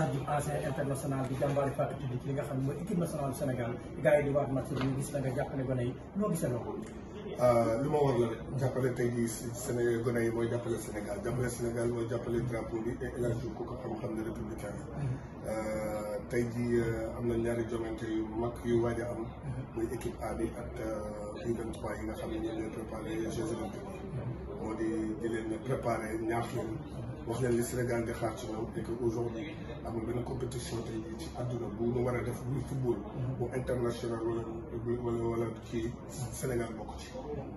Sadio ancien international di jàmbaari fàtte bi ci li nga xam ne mooy équipe nationale Sénégal gars yi di waat match bi ñu gis ah, la nga mooy jàppale Sénégal jàppale Sénégal mooy jàppale drapeau bi et El ko xam-xam ne républicain mhm. euh, tey jii euh, am na ñaari jongante yu mag yu waaj a am. Mhm. muy équipe A bi ak u euh, yi nga xam ne ñoom préparé Jeux olympiques mhm. moo di di leen préparé ñaax leen wax leen li Sénégal di xaar ci ñoom aujourd'hui amul benn compétition tey jii ci àdduna bu ñu war a def muy football. Mhm. bu international wala wala Sénégal bokk ci.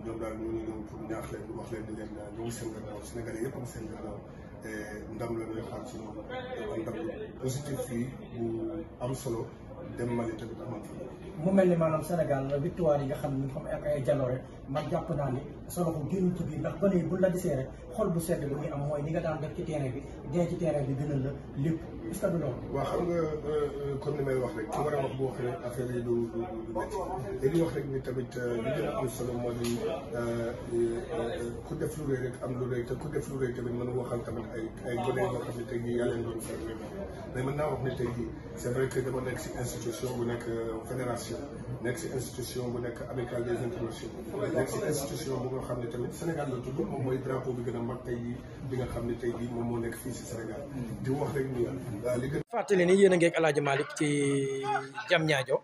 ñoom daal ñu ngi ñëw pour ñaax leen wax leen leen ñoom seen gannaaw Sénégalais am seen eh, ndam la ñuy xaar ci ñoom am fii bu am solo. dem Mali tamit amal mu mel ni maanaam Sénégal victoire yi nga xam ne ñu xam ak ay jaloore man jàpp naa ni sa loxo génn ci biir ndax gone yi bu la gisee rek bu sedd bu ñu am mooy ni nga daan def ci terrain bi dee ci terrain bi gënal la lépp est-ce que du loolu. waaw xam nga euh, comme ni may wax rek. waaw war a wax boo xam ne affaire yi du du du métti. te li wax rek ni tamit euh, li gën a am solo moo di euh, ku def lu rëy rek am lu rëy te ku def lu rëy tamit mën waxal tamit ay institution bu nekk euh, bu nekk amicale des internationaux nekk ne tamit Sénégal la tudd a xam ne tey moom moo nekk fii si ni euh, li gën fàttali yéen a ngeeg El Hadj Malick ci jam ñaajo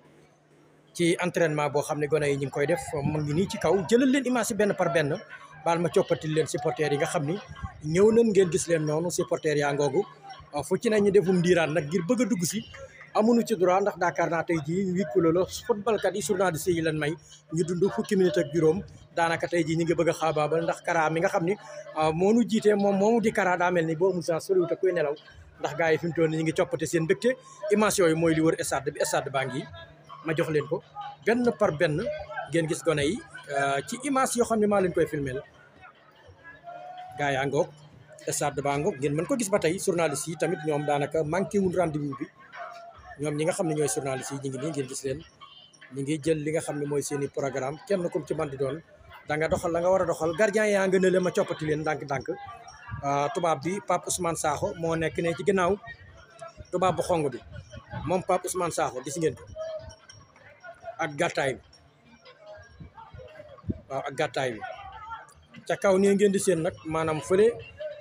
ci entraînement boo xam ne gone yi ñu ngi koy def mu ngi nii ci kaw jëlal leen image si benn par benn baal ma coppatil leen supporters yi nga xam ni ñëw nañ ngeen gis leen noonu supporters yaa ngoogu fu ci nañu defum ndiiraan nag ngir bëgg a dugg si amuñu ci droit ndax Dakar naa tey jii huit kilos la footballkat yi journaliste yi lan may ñu dund fukki minute ak juróom daanaka tey jii ñu ngi bëgg a xaabaabal ndax Kara mi nga xam ni ah, moo nu jiite moom moomu di Kara daa mel ni boo Moussa soriwut ak kuy nelaw ndax gars yi fi mu toll nii ñu ngi coppate seen mbégte image yooyu mooy li wër stade bi baa ngi ma jox leen ko benn par benn geen gis gone yi ah, ci image yoo xam ne maa leen koy filmé la gars yaa baa ngoog ngeen mën ko gis ba tey journaliste yi tamit ñoom daanaka manqué wul rendez bi ñoom ñi nga xam ne ñooy journalistes si ñu ngi nii ngeen gis seen ñu ngi jël li nga xam ne mooy seeni i programme kenn kum ci man di doon danga doxal la war a doxal gardien yaa nga nële ma coppati leen ndànk-ndànk ah, tubaab bi Pape Ousmane Sakho moo nekk ne ci ginnaaw tubaab bu xong bi moom Pape Ousmane Sakho gis ngeen ko ak gàttaay bi waaw ak gàttaay bi ca kaw nii ngeen di seen nag maanaam fële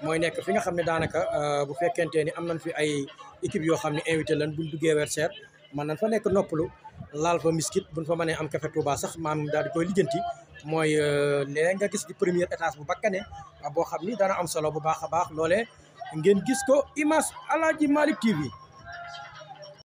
mooy nekk fi nga xam ne daanaka euh, bu fekkente ni am nañ fi ay équipe yoo xam ne invité lañ buñ duggee weer seer man nañ fa nekk noppalu laal fa miskit buñ fa mënee am café Touba sax maam daal di koy lijjanti mooy euh, léeg nga gis di premier étage bu bakkane boo xam ni dana am solo bu baax a baax loole ngeen gis ko image Aladji Malick TV